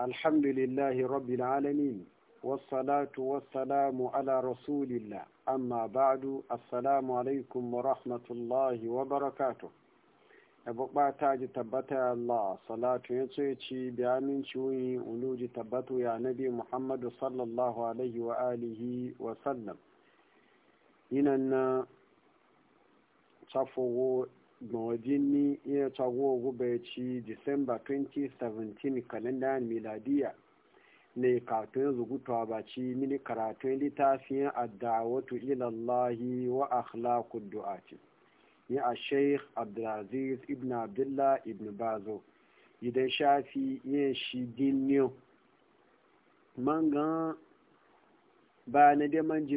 الحمد لله رب العالمين والصلاة والسلام على رسول الله أما بعد السلام عليكم ورحمة الله وبركاته أبقى تاج تبتا الله صلاة ينسيتي بأمين شوي ولوج تبتو يا نبي محمد صلى الله عليه وآله وسلم إننا صفو mawajini iya tsago gube ci disamba 2017 kalendar miladiya ne kafin zugutuwa ba ci mini karatun littafin addawatu ilallahi wa akhlaku du'ati ya a sheikh abdulaziz ibn abdullah ibn bazo idan shafi yin shi din new mangan ba da dai manyan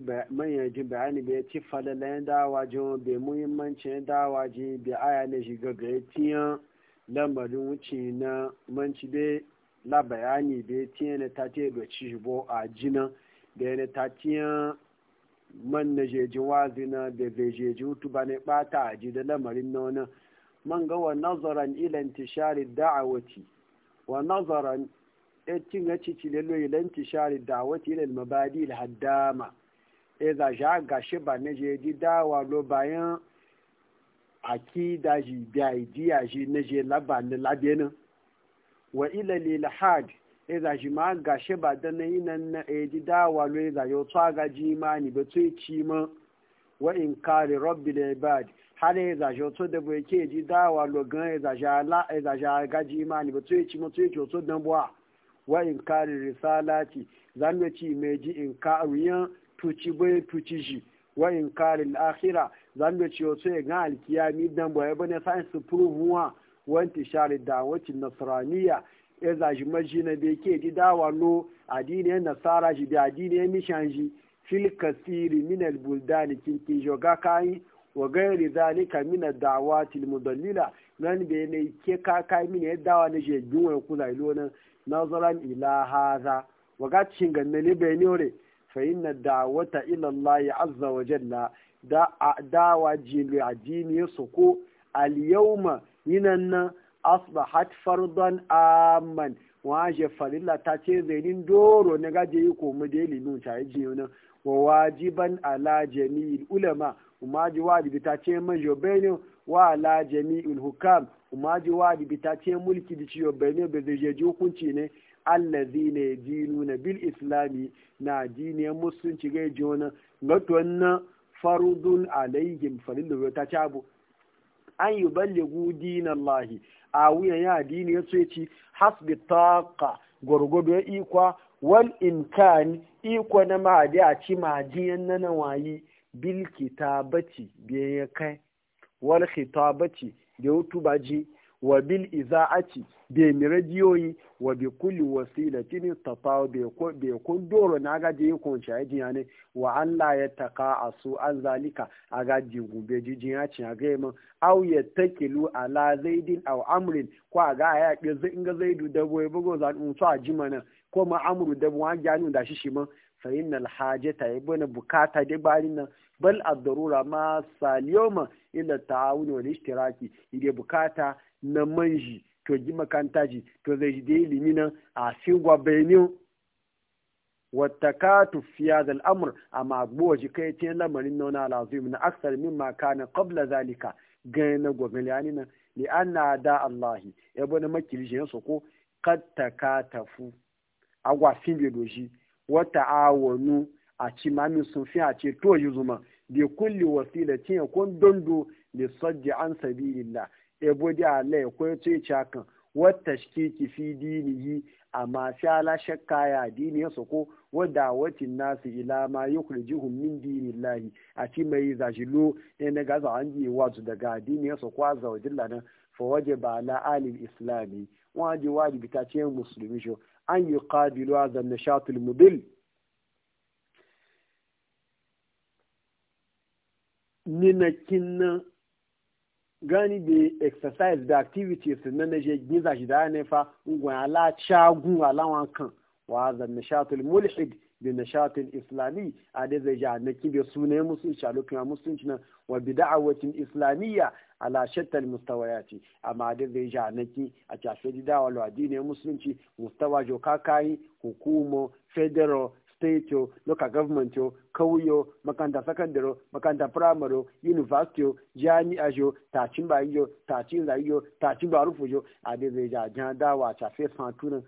jin bayani bai ci falalayen dawa jin bai muhimmancin dawa ji bai aya na shiga ga tiyan lamarin wuce na manci bai la bayani bai tiyan na ta tiyan ga e ci shigo a jina da na ta tiyan man na jeji na da bai jeji hutu ba na bata a ji da lamarin na wani man ga wa nazaran ilan tishari da'awati wa nazaran cin ya cici lelo ilan tishari dawati ilal mabadi haddama e za sha gashi ba na je di dawa lo bayan akida da da idiya ji na je laba na labenin wa ilal ilhad e za shi ma gashi ba da na yin na e di dawa lo e za yo tsaga ji ma ni ba tsoye ci ma wa in kare rabbi da ibad har ya e zaje otu da bai e ke ji dawa lo gan ya e zaje ala ya zaje gaji ma ni ba tsoye ci ma tsoye ci otu dan buwa wa inkarin risalati zan ci mai ji inkaruyan tuci bai tuci shi wa inkarin akhira zan ci wasu ya ga alkiyami dan ba ya bane sa'in su furuhuwa wanti shari da wacin nasraniya ya e zaji maji na bai ke ji dawa lo adiniyar nasara shi da adiniyar mishan shi fil kasiri minal buldani kinkin joga kayi wa gairi zalika min ad-da'awati al-mudallila nan be ne ke ka kai min yadda wa ne je biwa ku zai nazaran ila haza wa ga ganne ne bai ne fa inna da'wata ila Allah azza wa jalla da da'wa jilu ajini su ko al yawma yinan asbahat fardan amman wa je farilla ta ce zainin doro ne gaje yi ko mu dai limin ta yi jiyo wa wajiban ala jami'il ulama kuma ji wajibi ta ce man jobeni wa ala jami'il hukam kuma ji bi ta ce mulki da ciwo bai ne bai zai ji hukunci ne allazi ne dinu na bil islami na dini musulunci ga ji wani gato na farudun alaihim farillu ta ce an yi dinallahi a wuyan ya dini ya ce ci hasbi taqa gwargwado ya ikwa wal imkan ikwa na ma'adi a ci ma'adiyan na nawayi bil kitabati biyan ya kai wal khitabati da youtube ji wa bil iza'ati da mi radiyoyi wa bi kulli wasilatin tafawo da kun doro na gaji yi kun shayi ne wa Allah ya taka a su an zalika a gaji gube jijin ya ci a gaya min au ya takilu ala zaidin au amrin ko a ga ya ke zai inga zaidu da ya bugo za su a jima mana ko ma amuru dabo wa gyanu da shi shi man fa inna alhajata ya bana bukata da bari nan bal ad-darura ma saliyoma ila ta'awun a ishtiraki ide bukata na manji to ji makanta ji to zai da ilimi nan a fingwa bayani wattakatu fi hadha al amur amma gbo ji kai ce lamarin nona lazim na aksar mimma kana qabla zalika ga na gogalani nan li anna da allahi yabo na makilishin soko kad takatafu agwa fin bi doji wata awonu a ci mami sun fi a ce to yi zuma bi kulli wasila cin kun dondo li sajji an sabilillah e bodi Allah ya koyo ce cakan wa tashkiki fi dinihi amma sha la shakka ya dini ya soko wa dawatin nasu ila ma yukhrijuhum min dinillahi a ci mai zajilo ne na gaza an yi wazu daga dini ya soko azza wa jalla nan fa wajaba ala alil islami wajibi wajibi ta ce musulmi sho an yuqabilu hadha an-nashat al-mudill nina kina gani de exercise da activities na na je giza shi da ne fa ngwan ala chagun wan kan wa za nishatul mulhid bi nishatul islami a da zai ja na kibe sunay musulunci a kan musulunci na wa bi da'awatin islamiyya ala al mustawayati amma da zai ja na ki a tafi da wal addini musulunci mustawa jo kakai hukumo federal state yo local government yo kauyo makanta secondary makanta primary university yo jani ajo tacin bayi yo tacin chinza yo tacin rufu yo adeze dai zai ja jan dawa ta fe santunan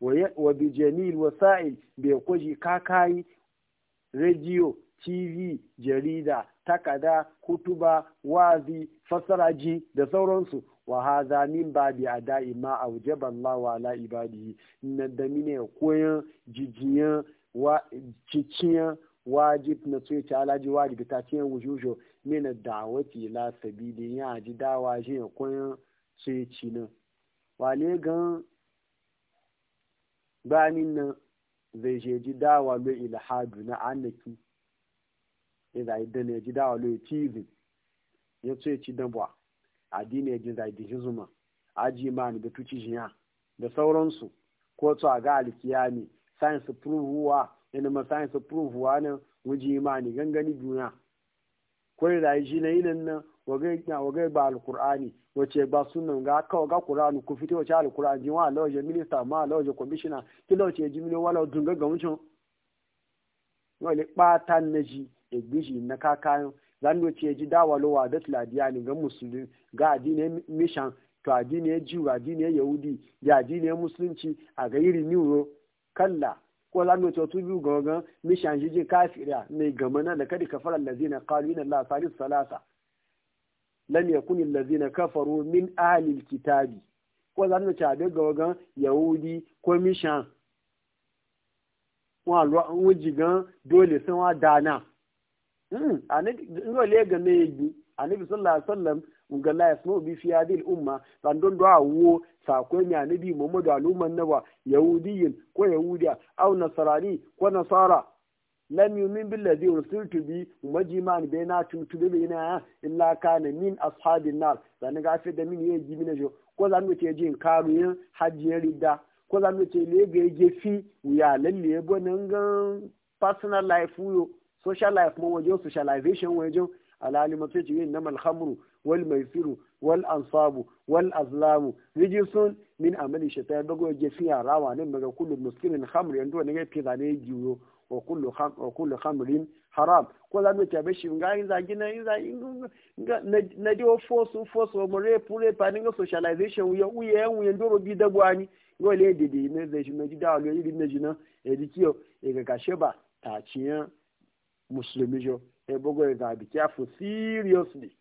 wa bi jamil wasa'il bai kwaji kakayi rediyo tv jarida takada kutuba wazi fasaraji da sauransu wa hadha min babi ada'i ma aujaba Allah ala ibadihi nan da mine koyan jijiyan wa ciciyan wajib na tsoye ci alaji wajib ta ciyan wujujo ne na dawati la sabili ya ji dawa ji ya koyan tsoye ci nan wale gan banin nan zai je ji dawa lo ilhadu na annaki ya zai dan ya ji dawa lo tv ya tsoye ci dan bwa adini ya ji zai dishi zuma aji ma ni da tuci jiya da sauransu ko to a ga alkiyami science prove wa yana ma science prove wa nan wuji imani gangani duniya kwai da shi na nan nan wagai ba alkur'ani wace ba sunan ga aka ga kur'ani ku fito wace alkur'ani jin wa lawaje minista ma lawaje commissioner ki lawaje jimini wala dunga ga wucin wale batan na ji gishi na kakayan zan wace ji dawalowa da tladiya ne ga musulun ga adinai mishan to adinai jiwa adinai yahudi ya adinai musulunci a ga iri new kalla ko za mu tu biyu ga wagan mishan jin kafira mai na da kadi kafara allazina qalu inna allaha salis salasa lam yakun allazina kafaru min ahli alkitabi ko za mu ci abe ga wagan yahudi ko mishan wa lo wuji gan dole sun wa dana mm anabi ngole ga ne yi anabi sallallahu alaihi wasallam ga la yasmu bi fi umma dan don do awo sako mi anabi muhammadu aluman nawa yahudiyin ko yahudiya aw nasarani ko nasara lam yumin bil ladhi ursiltu bi majiman baina tumtube ina illa kana min ashabin nar dan ga fi da min yaji min jo ko zan wuce jin karu yin hajji rida ko zan wuce le ga je fi ya lalle bonan personal life yo social life mo wajen socialization wajen alhali masu ci yin namal hamru wal maisiru wal ansabu wal azlamu rijisun min amali shaitan bago ya fiya rawa ne daga kullum muskirin hamru yanzu wani ya fi zane juyo wa kullu hamrin haram ko za mu tabe shi ga in zagi na in na di o fosu fosu mo re pure pa ni socialization uye uye uye ndoro bi da gwani go le de de ne ze shi me di da lo yi ne jina e di kiyo e ga ka sheba ta chiya muslimi jo sai bugu ya zabi kyafu seriously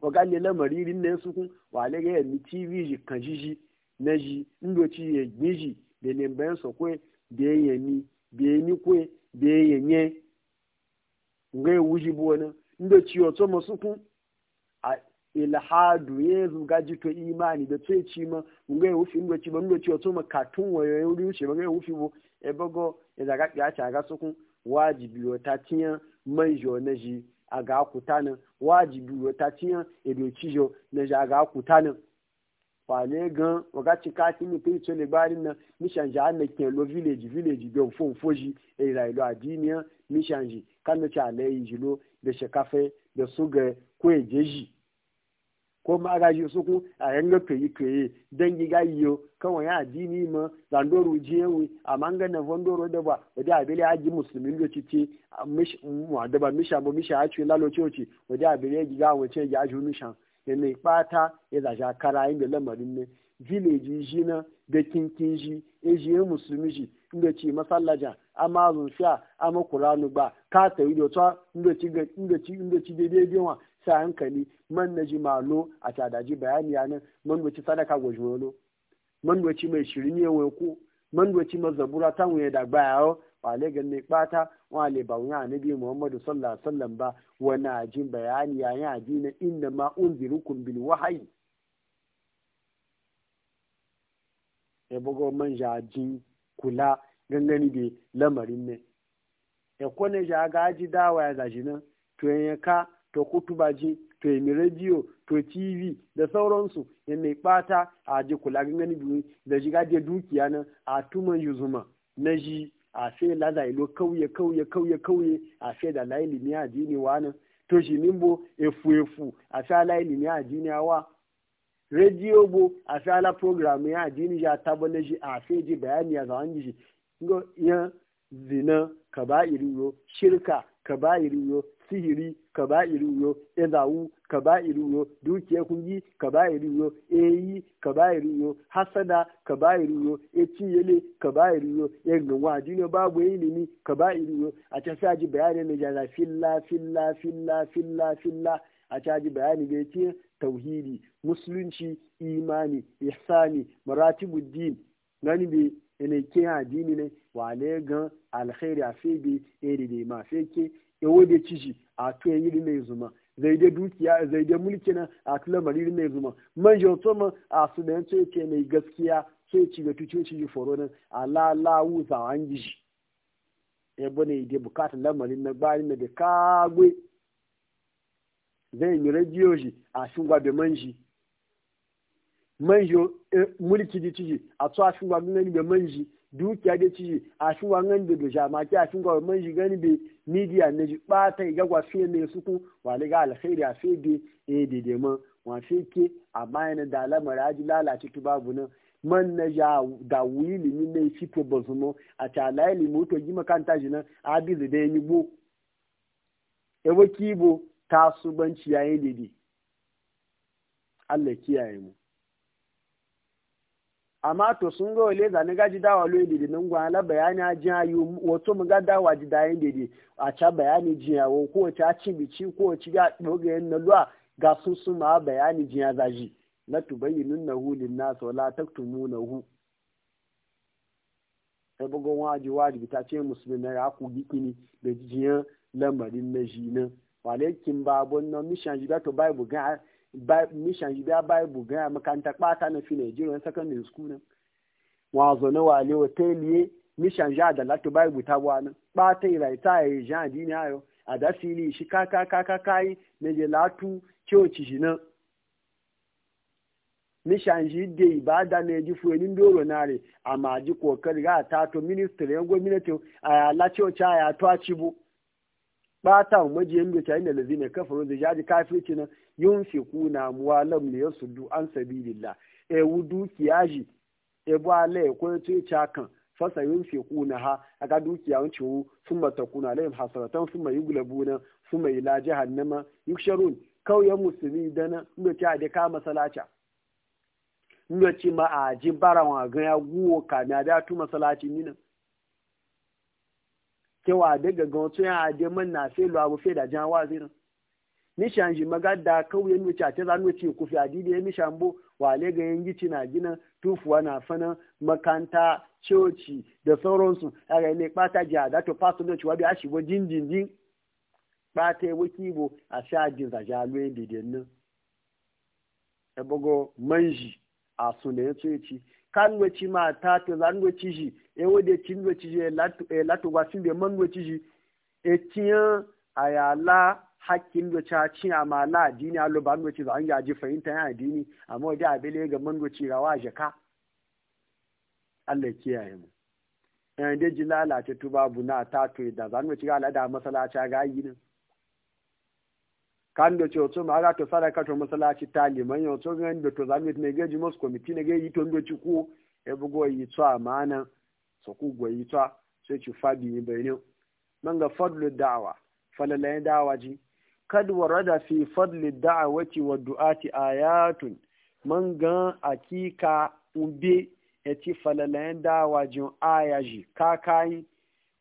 ko galle lamari rin ne su kun wa le ga ni tv ji kan ji na ji ndo ci ye ji de ne ben so kwe de ye ni de ni kwe de ye nye ngai wuji bona ndo ci o to mo su kun a ilhadu ye zu ga ji to imani da ce ci ma ngai wufi ndo ci ba ndo ci o to ma katun wayo ye wuri wuce ba ngai wufi bo e bago e daga ya ta ga su kun wajibi o ta tiyan manjo na ji a ga kutanin wajibi wata ciyan edo cijo na ji a ga kutanin fale gan wagati kati mi pe itole gbari na mishanji a na kin lo village village bi ofo foji e ra ilo adiniya mishanji kanu cha le lo, de shekafe de suge ko ejeji ko ma ga yi suku a yanga toyi toye dan gi ga yiyo kawai ya addini ma zandoru jiyewi amma ga na vondoro da ba wadi abele aji musulmin da cici mu da ba misha bo misha a ci lalo coci wadi abele gi ga wace ya ju misha ya ne pata ya za ja kara inda lamarin ne village ji na da kinkin ji e ji musulmi ji inda ci masallaja amma zun sha amma qur'anu ba ka tayi da ta inda ci inda ci inda ci daidai wa sa hankali man na ji malo a tadaji bayani ya nan man wace sadaka wa jolo man wace mai shirin ne wa ko man wace mazabura ta wuya da baya wa le ganne kpata wa le ba wuya biyu muhammadu sallallahu alaihi wasallam ba wa na jin bayani ya ya ji na inna ma unzirukum bil wahyi e bogo man ja jin kula gangani be lamarin ne e kone ja ji dawa ya zaji nan to ka to kutubaji to emi rediyo to tv da sauransu ya mai bata a je kula gangani biyu da shiga je dukiya nan a tuman yuzuma na ji a sai laza ilo kauye kauye kauye kauye a sai da layi a jini wa nan to shi nimbo efu efu a sai layi a jini wa rediyo bo a sai ala program ya jini ya tabo na shi a sai ji bayani ya zawon shi zina iri yo shirka iri yo sihiri ka ba iri uyo ezawu iri uyo dukiyar kungi iri uyo eyi ka ba iri uyo hasada ka ba iri yo etiyele kaba'iri wa egungun adini babu ilimi iri uyo a can sai ji bayanin na jara filla filla filla filla filla a can aji bayani da ya tauhidi musulunci imani ihsani maratibu din gani bai ene ke addini ne ne gan alkhairi a febe ere da ma sai ke. ya da ciji a to yi ri zuma zai da dukiya zai da mulki na a lamarin lamari ri zuma man jauto ma a su da yace yake mai gaskiya sai ci ga tuce ci foro nan ala la wu za an ji yi bone da bukata lamarin na gbari na da kagwe zai yi rajiyo shi a shungwa da manji manjo mulki da ciji a to a da manji eh, dukiya da ci a shi wangan da dusha ma ki a shi ga man shi gani be media na ji bata ga gwa fiye ne su ku wale ga alkhairi a fiye de e de de man wa fe ke a bayan da alamar aji lalace tu babu nan man na ja da wili ni ne shi to bazumo a ta laili moto gi ta ji nan abi da dai ni bo e kibo tasubanci yayin dede Allah kiyaye mu amma to sun ga wale zane gaji dawa lo dede nan gwa la bayani a jiya yi wato mu ga dawa ji dayin dede a ca bayani jiya wo ko ta ci bici ko ci ga doga yan na luwa ga sun su ma bayani jiya zaji la tubayyinun nahu lin nas wala taktumunahu sai bugon waji waji ta ce musulmi na ya ku gikini da jiyan lamarin na jinin walakin babun nan mishan ji ga to bible ga mishan shi biya bible gaya makaranta ɓata na fi nigerian secondary school nan wazo na wale hoteliye mishan ja da lati bible ta wani ɓata iraita ya yi jan adini ayo a da fili shi kaka kaka na je latu kyoci shi nan mishan shi da ibada na ji fuenin doro nare amma ji kokari ga tato ministry yan gwamnati a ya la kyoci a ya to a bata majiyan da tayin da lazina kafaru da jaji na nan yun fi kuna muwalam ne du an sabilillah e wudu kiyaji e bwale e ko to e chakan fasa yun fi kuna ha aga dukiya wuce wu sun mata kuna lahim hasaratan sun mai na sun mai ila jahannama yuksharun kauyen musulmi dana inda ta da kama salacha inda ci ma a ji barawa ga ya guwo kana da tu ni na. wa de gangan to ya ade man na se lo abu fe da jan wa zira ni shanji magada kawye ni cha ta zanu ce ku fi adide ni shambo le ga yangi na gina tufuwa na fana makanta coci da sauransu daga ne bata ji da to ne ci wa bi a shigo jinjinjin bata yi waki bo a sha jin za ja lo yin nan e, e bogo manji a sunayen e coci kan wace ma ta to zanu ci shi ewo de ci ndo ci je latu e latu wa sin de mango ci ji e tiya la hakkin do cha ci dini a alo ba ndo ci za ya ji fahimta ya dini amma wajen abele ga mango ci rawa jaka Allah kiyaye mu yan e de ji lalace tu babu na ta to e da zan mu ci ga alada masalaci ga yi ne kan da ce to ma ga to sadaka to masalaci taliman yau to ga da to zan mu ne ga ji mos committee ne ga yi to ndo chi ko e bugo yi to amana so ku goyi ta sai ki fadi ni bayanin man ga fadlu da'awa falalayen da'awa ji kad warada fi fadli da'awati wa du'ati ayatun man ga akika ube eti falalayen da'awa jin ji kakai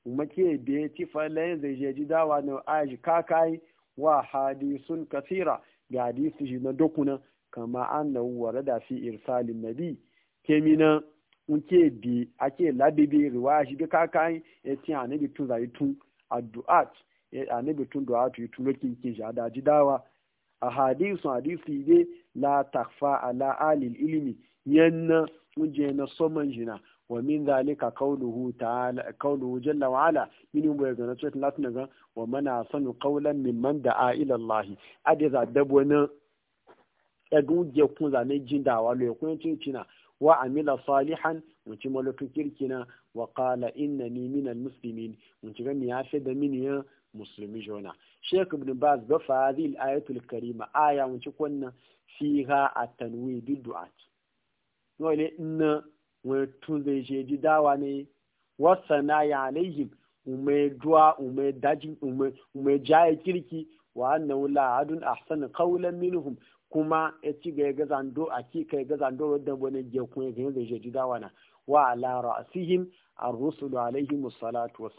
umake be eti falalayen zai je ji da'awa na ji kakai wa hadisun kasira ga hadisi na dokuna kama annahu warada fi irsalin nabi kemina nke bi ake labibi riwaya shi bi kakan ya ce a nabi tun zai e, tun adu'at a bi tun du'at yi tun lokin ji ada ji dawa a hadisu hadisi be la takfa ala alil ilimi yanna unje na soman jina wa min zalika qawluhu ta'ala qawluhu jalla wa ala min bu ga na tsotin latin ga wa mana sanu qawlan man da'a ila allah adiza dabwana egun je kun za ne jindawa lo kun cin cina وعمل صالحا وتملك كركنا وقال إنني من المسلمين وتغني أفد مني مسلم جونا شيخ ابن باز بفا هذه الآية الكريمة آية وتكون فيها التنوي بالدعاء ولا إن وتنزيج دواني وصنع عليهم وما دعا وما دج وما وما جاء كركي وأنه لا عد أحسن قولا منهم kuma ya ci ga ga zando a ki kai ga zando da wani je kun ga zai je ji dawana wa ala ra'sihim ar-rusul alaihim as-salatu was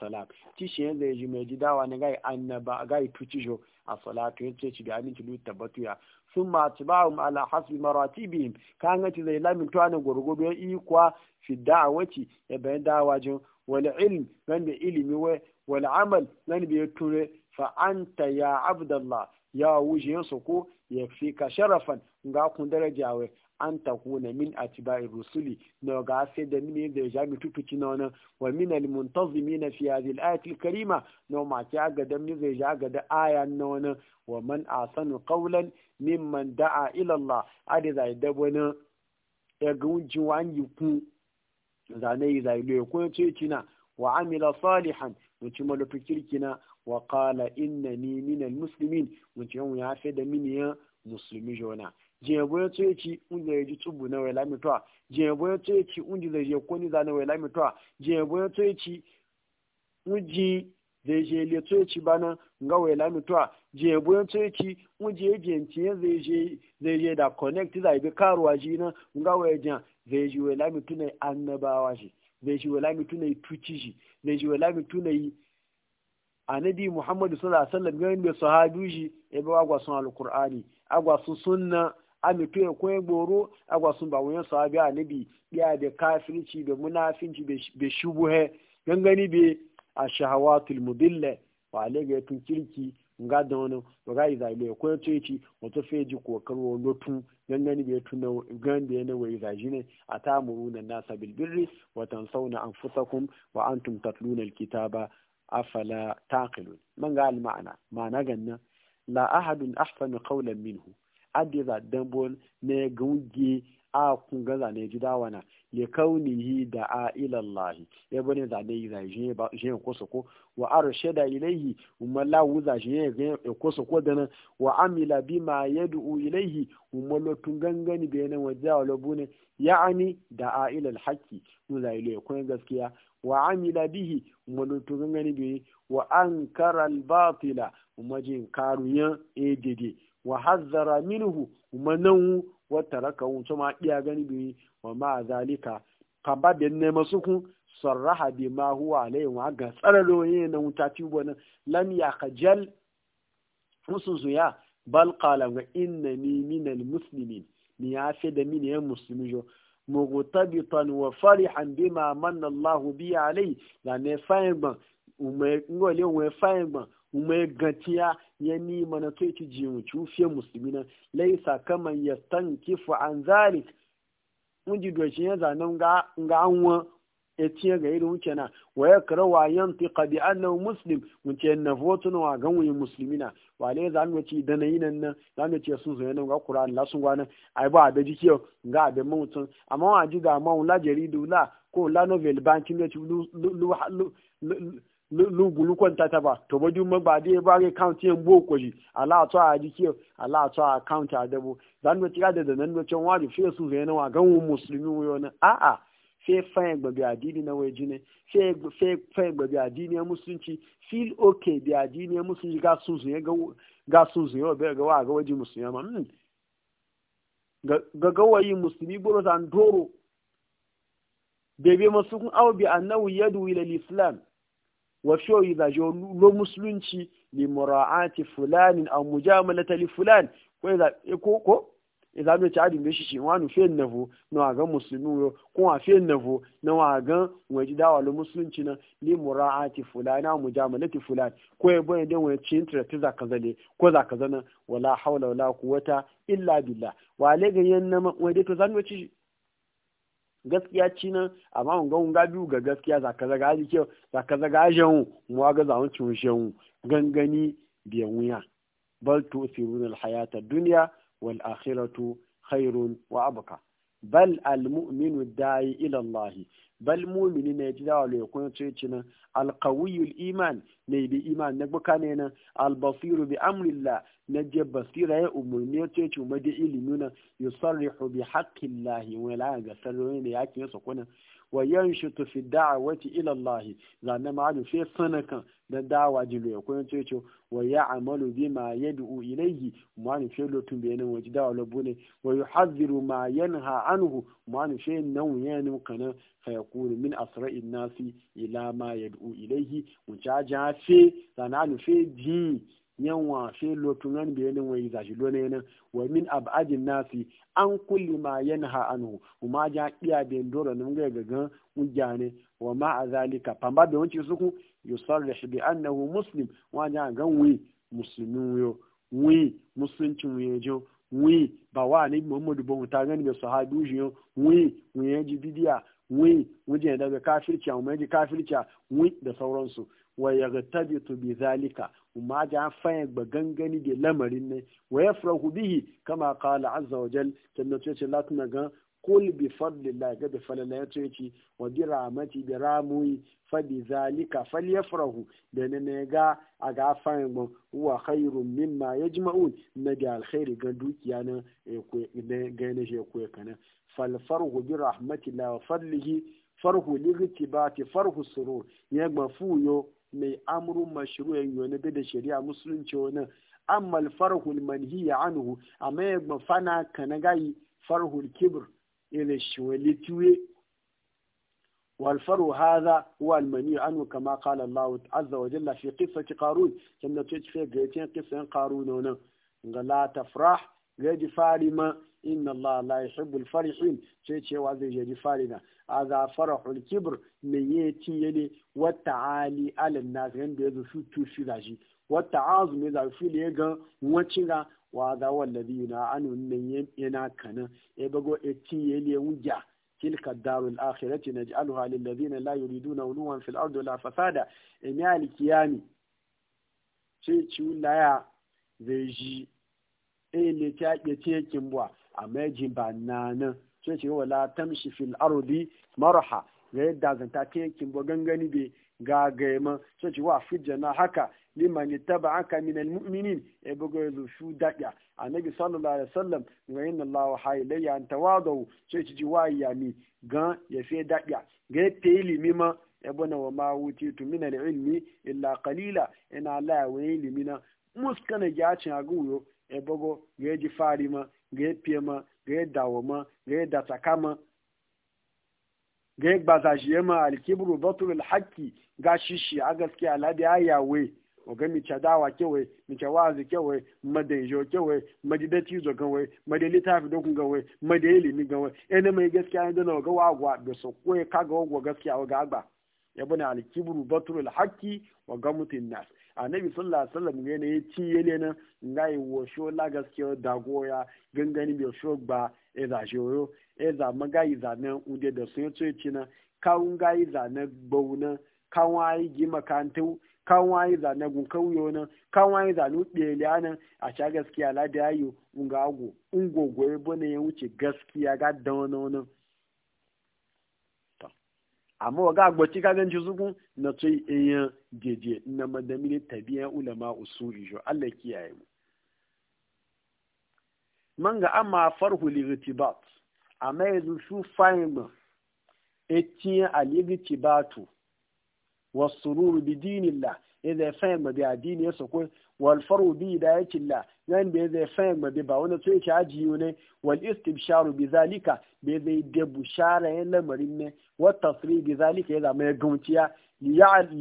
ci shi zai ji mai ji dawana ga annaba ga tuci jo a salatu yace ci ga aminci lu tabbatu ya summa atba'um ala hasbi maratibihim ka ga ci zai lamin to ana gurgudu ya ikwa fi da'awati ya bayan dawajin wal ilm nan da ilimi wal amal nan bi ture fa anta ya abdallah ya wuje yin ko ya fi ka sharafan ga kun daraja wai an takuna min atiba'i rusuli na ga sai da ni da ya mi tutuki na Wani wa min al na fi hadhihi al ayati al karima na ma ta ga da zai ja ga da aya na Wani wa man asanu qawlan mimman da'a ila Allah adi zai da wani ya ga wujin wani ku zane zai lo ko ce kina wa amila salihan mutum kirkina wa qala innani minal muslimin mun ce ya fe da mini ya musulmi jona jiya boye to yaci un da yaji tubu na wai lami toa jiya boye to yaci un da je koni za na wai lami toa jiya boye to yaci un da je le to yaci bana nga wai lami toa jiya boye to yaci un je je zai je zai je da connect da bi karuwa ji na nga wai jan zai ji wai lami tunai annabawa ji zai ji wai lami tunai tuci ji zai ji wai lami tunai annabi muhammadu sallallahu alaihi wasallam ganin da sahabi shi ya bi agwa sun alqur'ani agwa sun sunna amito ko koyi goro agwa sun ba wani sahabi annabi ya da kafirci da munafinci da shubuhe gangani be a shahawatul mudilla wa alega tun kirki nga da wani ba ga iza ile ko yace ci wato feji ji karwo lotu gangani be tun tuna gan da yana wai zaji ne atamuruna nasa birri wa tansawna anfusakum wa antum tatluna alkitaba afala taqilun man ga alma'ana maana ma'ana ganna la ahadun ahsanu qawlan minhu adiza dambon ne gunge a kun gaza ne ji li kaunihi a ila Allah ya bane da dai da je ba kusa ko soko wa arshada ilayhi umma la wuza je kusa ko da nan wa amila ma yad'u ilayhi umma lo tungangani be nan waja wa lobune ya'ani da'a ila al-haqqi wuza ile ko gaskiya wa amila bihi umma lo tungangani be wa ankara al-batila umma jin karuyan edede wa hazzara minhu umma nan wa taraka umma ma iya gani be wa ma zalika kan ba ne masu kun sarraha bi ma huwa alai wa ga tsararo na wuta ci wannan lam ya khajal musu zuya bal qala wa innani al muslimin ni ya fi da mini yan musulmi jo mugutabitan wa farihan bima manna Allah bi alai da ne fayin ban umai ngole fayin gatiya ya ni mana to ki jiwu mu cufiye laisa kaman yastankifu an zalik mun ji doshi ya zanen ga anwa ya tiye ga irin wuce na wa ya kare wa yan ti kadi annan muslim mun ce na votu na wa gan wuyin musulmi na wa le za mu ci da nayi nan nan za mu ce sun zuwa nan ga qur'an la sun gwana ai ba da jiki ga abin mutun amma wa ji ga ma la jaridu la ko la novel banki ne ci lu lugulu kwanta ta ba to baju ma ba dai ba ga count yan bo koji ala to a jiki ala to a count a dabo dan no tira da nan no cin wari fi su yana wa gan musulmi wo na a a fe fa gba bi adini na waje ne fe fe fa gba bi adini ya musulunci feel okay bi adini ya musulunci ga su su ga ga su su yo be ga wa ga waje musulmi ma hmm. ga ga wayi musulmi boro san doro bebe masu kun aw annahu yadu ila islam washo yi zajo lo musulunci li mura'ati fulanin aw mujamalata li fulan ko za eh, ko ko idan mu ci adin shi wa nu fe nafo na ga musulmi yo ko wa fe nafo na wa ga dawa lo musulunci na li mura'ati fulan aw mujamalati fulan ko e boye den wa ci interest za kaza ne ko za kaza na wala hawla wala quwwata illa billah wa le ga yanna wa to zan ci gaskiya ci nan amma mun ga mun ga biyu ga gaskiya za ka zaga aji kyau za zaga ajiyar mu ga za mu ci mu gangani biyan wuya bal to sirrun alhayata duniya wal akhiratu khairun wa abqa bal al mu'minu da'i ila Allah bal mumini ne ji dawo le kun ce nan iman ne bi iman na buka ne na albasiru bi amrillah na je basira ya umurni ya ce ci da ilimi na yusarrihu bi haqqillah wa la ga sarri ne yake so kunan wa yanshitu fi da'awati ila Allah zanna ma'alu fi sanaka da dawa jilu ya koyon cece wa ya'malu bima yad'u ilayhi ni fi lotun bayanin waji dawa labune wa yuhadhiru ma yanha anhu ma'alu fi nan yanu kana fa yaqulu min asra'in nasi ila ma yad'u ilayhi mujaja fi zanna alu fi yanwa she lotun an biye ne wai gashi lone ne wa min abadin nasi an kulli ma yanha anhu kuma ja iya be ndoro nan ga gaga ne wa ma azalika pamba be wonci suku yusarrih bi annahu muslim wa ja gan wi muslimin yo wi musunci wi jo wi ba wa ni muhammadu bon ta gani be sahabi yo wi wi ji bidiya wi wuje da kafirci amma ji kafirci wi da sauransu wa yaghtabitu bi zalika umma ja fanya ba gangani de lamarin ne wa yafrahu bihi kama qala azza wa jal tannatu ce latuna ga kul bi fadlillah ga bi falala ce ci wa bi rahmati bi ramui fa bi zalika falyafrahu da ne ne ga a ga fayin mu wa khairum mimma yajma'un na da alkhairi ga dukiya na e ga ne je ko kana fal farhu bi rahmatillah wa fadlihi farhu li farhu surur ya fuyo mai amuru mashiru yin yi wani da shari'a musulunci wani ammal farhul manhi ya anhu a mai mafana ka na gayi farhul kibir ila shi wani tuwe wal haza wa al mani anhu kama kala Allah azza wa jalla fi qissa ti qarun kan da ce ga yake qissa wannan ga latafra tafrah ga ji farima inna Allah la yuhibbul farihin sai cewa zai yaji farina aza farahul kibr me yati yene wa ta'ali alan nas yanda yazo su tu shi dashi wa ta'azu me za fi le ga wacin ga wa za wallazi na anu nan yana kana e bago eti yele wuja تلك الدار الآخرة نجعلها للذين لا يريدون علوا في الأرض ولا فسادا إن الكيامي شيء لا زي جي إيه اللي تاكي تيكي مبوا a ji ba nan. ce ce wala tamshi fil ardi marha ga yadda zanta ke kin bo gangani be ga gaima ce ce wa fujjana haka liman yattaba'aka min almu'minin e bugo yazo shu daɗa annabi sallallahu alaihi wasallam wa inna allahu hayla ya tawadu ce ce ji wa yami ga ya fe daɗa ga te ilimi ma e bona wa ma wuti tu min ilmi illa qalila ina la wa ilimi na muskana ya cin aguyo e bugo ga ji farima ga ya fiye ma ga ya dawo ma ga ya datsaka ma ga ya gbazajiye ma alkibru batul alhaki ga shishi a gaskiya alhadi ya yawe o ga mi cadawa kewe mi cawazi kewe madaijo kewe madidati zo gawe madai tafi dokun gawe madai ilimi gawe ene mai gaskiya da na ga wagwa da so ko ka ga wagwa gaskiya ga agba yabuna alkibru batul alhaki wa gamutin nas annabi sallallahu alaihi wasallam ne ne ci yele na ngai wo sho la gaskiya da goya gangani bi sho gba e za shoyo e za magai za na ude da sun yace ci na ga yi za na wa yi gi makantu yi za na gun kauyo na yi za nu deliya na a sha gaskiya la da go un go go e bone ya wuce gaskiya ga dawono na amma wa ga gbaci kagan ci na tsoyi ɗayan jeje na madamini tabiyan ulama usu ijo Allah kiyaye mu man ga amma farhu ligtibat amma yanzu su fahimma etiyan aligtibatu wasururu bi dinillah idan fahimma bi adini ya sokoi wal faru bi hidayatin la nan be zai fayin gbabe ba wanda to yake ajiyo ne wal istibsharu bi zalika be zai da bushara yan lamarin ne wa tasri bi zalika ya zama ya gumciya li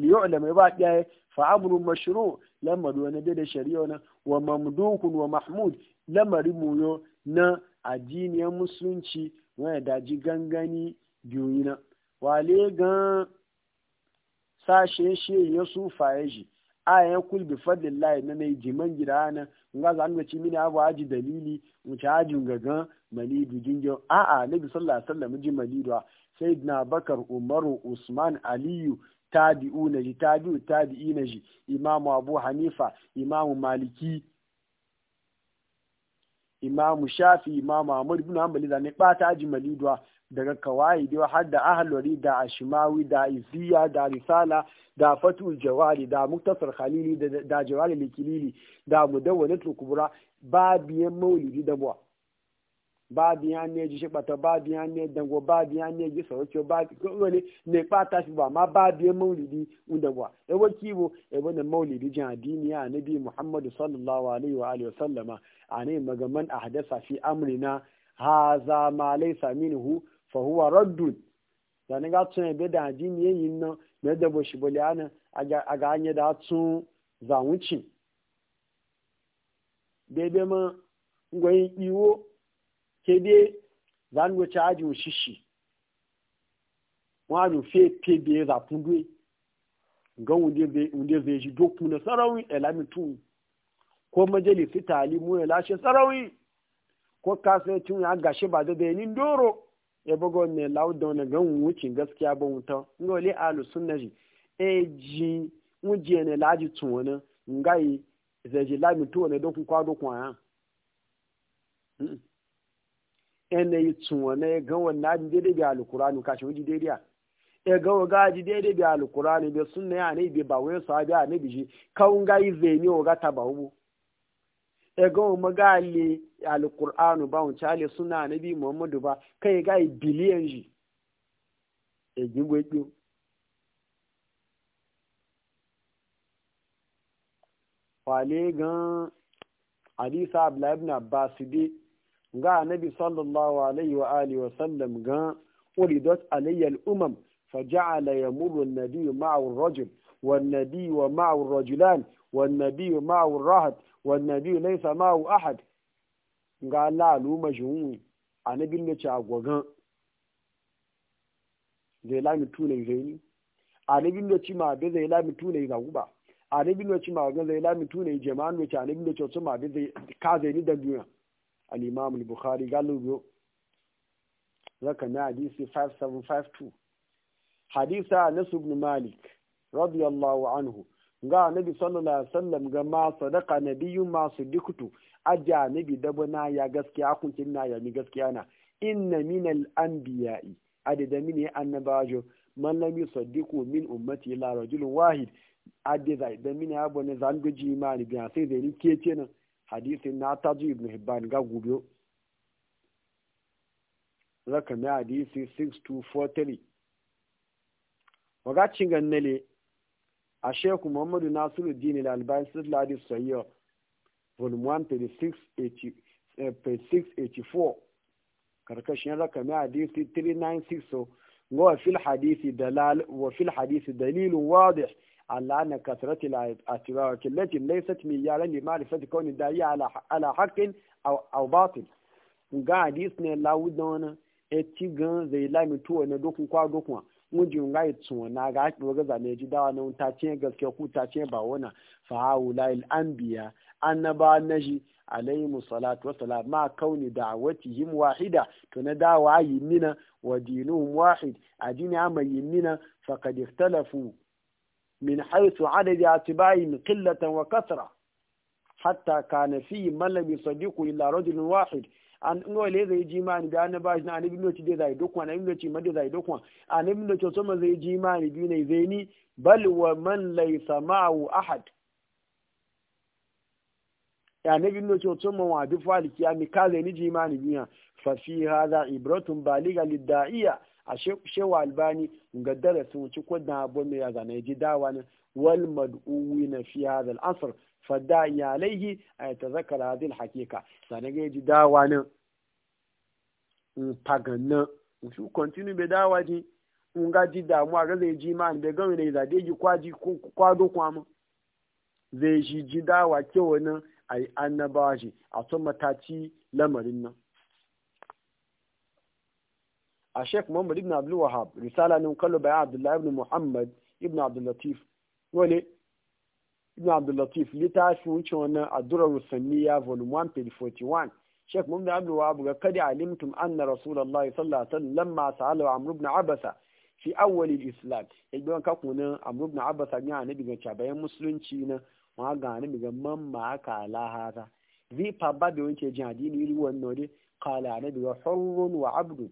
yu'lama ba ɗaya fa amru mashru lamarin wani da shari'a na wa mamdukun wa mahmud lamarin muyo na addiniyar musulunci wani daji gangani biyu wale gan sashe shi ya sufa ya ji aya kul bi fadlillahi na mai jiman gida na nga zan wace mini abu aji dalili mu ci aji gaga malidu jinjo a a nabi sallallahu alaihi wasallam ji malidu sayyidina bakar umaru usman aliyu na ji tabi'u na ji imamu abu hanifa imamu maliki imamu shafi imamu ahmad ibn hanbali da ne bata aji malidu daga kawai da har da ahalori da ashimawi da iziya da risala da fatul jawari da muktasar khalili da jawari likilili da mudawwanatul ba babiyan maulidi da buwa biyan ne ji shibata babiyan ne dango babiyan ne ji sauke babiyan wani ne kpata shi ba ma babiyan maulidi da buwa e waki bo e wani maulidi jan adiniya nabi muhammadu sallallahu alaihi wa alihi wa sallama a ne magaman ahdasa fi amrina haza ma laysa minhu fahuwa raddud da ni ga tun ebe da ajin ye yin nan na da bo shibole ana a ga anya da tun zawuci bebe ma ngwayin iwo kebe zanwe o aji oshishi wọn fe pebe rapundwe ga wunde zai shi doku na sarawin elamitu ko majalisi talimu ya lashe sarawin ko kasa ya cin ya gashi ba da bayanin doro ya bago ne lauda wani gan wucin gaskiya ba wuta nga wale alu sunna ji e ji tun nga yi zai ji lami tu don kwa do kwa yan ene yi tun e gan wani na daidai bi kashi wuji daidai a e ga wa daidai bi e bi ya ne bi ba sahabi ya ne bi ji kawun ga yi zai ne wa taba hubu ga wa magali alƙur'anu ba wa cale suna nabi muhammadu ba kai gai biliyan ji e gbogbo kwale gan hadisa ablaibna ba su dai ga anabi sallallahu alaihi wa alihi wasallam gan ulidot aliyyar umar faja'ala ya muru nabi ma'awar rajul wa nabi wa ma'awar rajulan wa nabi wa ma'awar rahat wannabi laisa ma'u ahad ga lalu majhun anabin ne cha gogan zai lami tune zai ni anabin ne ci ma be zai lami tune ga guba anabin ne ci ma ga zai lami tune jama'an ne cha anabin ne ci su ma be zai ka zai ni da duniya al bukhari galu yo zaka na hadisi 5752 hadisa anas ibn malik radiyallahu anhu ga annabi sallallahu alaihi wasallam ga ma sadaka nabiyyu ma sadiqtu aja nabi dabana ya gaskiya kun na ya mi gaskiya na inna al anbiya'i adada mini annabajo man lam yusaddiqu min ummati la rajul wahid adada da ya abu ne zan guji ni biya sai da ni kece na hadisin na taji ibn hibban ga gubiyo rakami hadisi 6243 wagacin le. a sheku muhammadu nasiru dini lalibari sirladi sayyar volume 1 eh, karkashin rakami hadisi 396 so wa fil hadisi dalal wa fil hadisi dalilun wadih ala anna kasrati al-atibaq allati laysat miyala li ma'rifati kawni da'i ala ala haqqin aw aw batil ga hadis ne lawudon etigan zai lami tuwa na dokun kwa dokun mujin ga itsuwa na ga ake waga zane ji dawa na ta ce gaske ku ta ce ba wana fa haula il anbiya annaba naji musallatu salatu salam ma kauni da'watihim wahida to na dawa yi mina wa dinuhum wahid adini ama yi mina faqad ikhtalafu min haythu adadi atba'ihim qillatan wa kathra hatta kana fi man lam yusaddiqu illa rajulun wahid an ngo le zai ji ma ni da na bashi na anabi lokaci dai zai dokwa na lokaci ma dai zai dokwa anabi lokaci so ma zai ji ma ni biyu ne zai ni bal wa man laysa ma'ahu ahad ya bin lokaci so ma wa bi fali kiyami ka zai ni ji ma ni biyu fa fi hadha ibratun baliga lidda'iya a shewa albani ga darasin ci ko da abu mai ya zana ji dawa ne wal uwi na fi hadha al fadda ya laihi a ya tazakara hadin hakika sanan ga ji dawa nan in paganna in su kontinu bai dawa ji in ga ji damuwa ga zai ji ma in be gami ne za dai ji kwaji kwado kwama zai shi ji dawa kewa nan a yi annabawa shi a tun mataci lamarin nan a sheikh muhammad ibn abdul wahab risala nun kallo bayan abdullahi ibn muhammad ibn abdul latif ibn abdul latif littafin wuce wannan addu'ar rusaniya volume 1 page 41 sheikh muhammad abdul wahab ga kadi alimtum anna rasulullah sallallahu alaihi wasallam lamma sa'ala amr ibn abasa fi awwal al-islam ibn ka kuna amr ibn abasa ne a nabi ga cabayan musulunci na wa ga nabi ga man ma ka lahara zi fabba da wanke jin addini iri wannan ne qala nabi ga hurrun wa abdu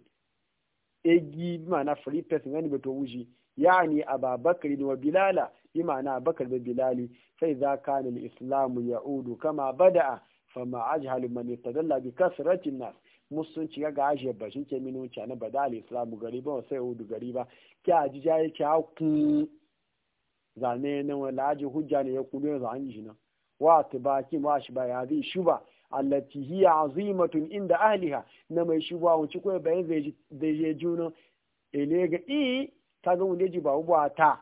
egi mana free person ne beto wuji yani ababakar wa bilala bi ma'ana bakar da bilali fa idza kana islamu ya ya'udu kama bada bada'a fama ajhalu man yatadalla bi kasrati nas musulunci ga ajiye ba shi ke minu na bada al islamu gari ba sai udu gari ba ki aji jaye ki haku zane ne wa aji hujja ne ya kudo yanzu an na wa tibaki ma shi ba ya zai shuba allati hiya azimatun inda ahliha na mai shuba wuci ko bayan zai je juno ele ga i ga wunde ji ba ubuwa ta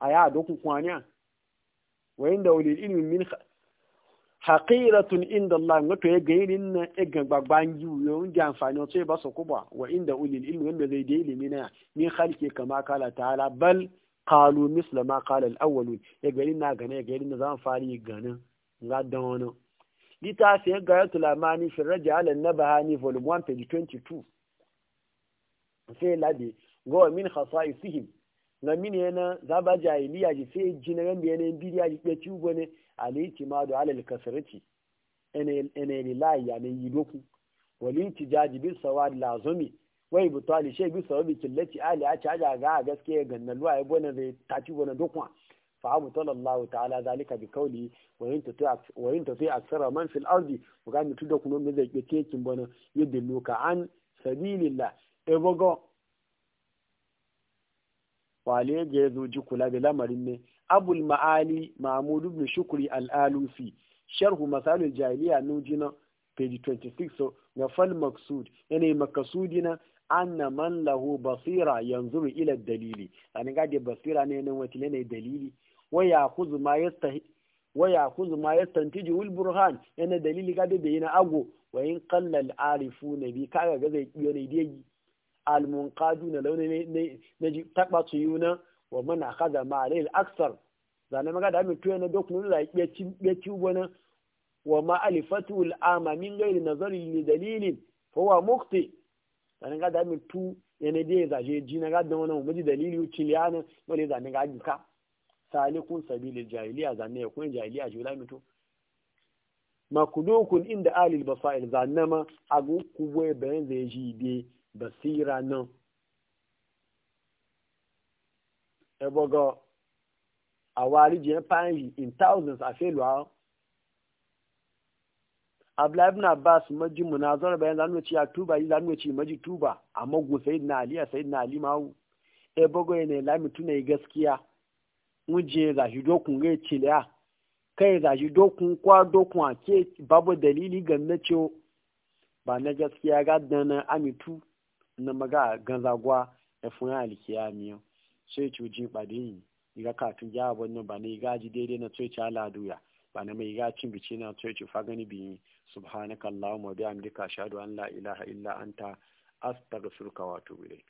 aya dokun kwaniya wa inda wuli ilmi min haqiratun inda Allah wato ya gayi nin na ga gbagban yiwu wanda amfani wato ya ba su kuba wa inda ulil ilmi wanda zai da ilimi na min khalqi kama kala ta'ala bal qalu misla ma qala al-awwalun ya gayi na gane ya gayi na zan fari ganin ga dan wani litafi ya gaya tulamani fi raja ala nabahani volume 1 page 22 sai labi go min khasa'isihim na mini yana za jahiliya ji sai ji na gamba yanayin ya ji ɓe ci ugbo ne aliti ma da alal kasarci eneli layi ya ne yi doku walin ci jaji bin sawa da lazumi wai bu tali shai bin sawa bikin lati ali a ci aja ga a gaskiya ganna luwa ya bane zai taci bane dokwa fa abu talallahu ta'ala zalika bi kauli wayin ta tafi aksara man fil ardi mu mutu da kuma zai ƙi kekin bane yadda luka an sabilillah ebogo wale ya zo ji kula da lamarin ne abul ma'ali mahmud ibn shukri al-alusi sharhu masalul jahiliya nujina page 26 so ga fal maksud yana makasudi na anna man lahu basira yanzuru ila dalili an ga da basira ne nan wata ne dalili waya kuzu ma yastahi waya kuzu ma yastantiji wal burhan yana dalili ga da yana ago wa qalla al-arifuna kaga ga zai iya ne na launi na taɓa su yuna wa man akhadha ma alayhi al-aksar zane maga da mi tuya na dokun la ya ci ya ci wona wa ma alifatu al-ama min ghairi nazari li dalilin ko wa mukti? zane ga da mi tu yana dai za je ji na ga da wannan muji dalili uci liyana wani zane ga ka salikun sabilil jahiliya zane ya kun jahiliya jula mi to makudukun inda alil basail zanama agu kubwe bayan zai ji biye basira nan ebogo awari jiyan fayin in thousands a fe luwa abdullahi ibn abbas maji munazar bayan zanuwa ci a tuba yi zanuwa ci maji tuba a magu sayid na aliya sayid na ali mawu ebogo ya ne lami tuna yi gaskiya wuje za shi dokun ga ciliya kai za shi dokun kwa dokun a ke babu dalili ga ce ba na gaskiya ga dana amitu na maga ganzagwa ya fun ya alkiya miyo sai cuji badin iga katun ya wannan ba ne ga ji daidai na tsoci ala duya ba na mai ga cin bici na tsoci fagani gani bi subhanakallahumma bihamdika ashhadu an la ilaha illa anta astaghfiruka wa wato ilaik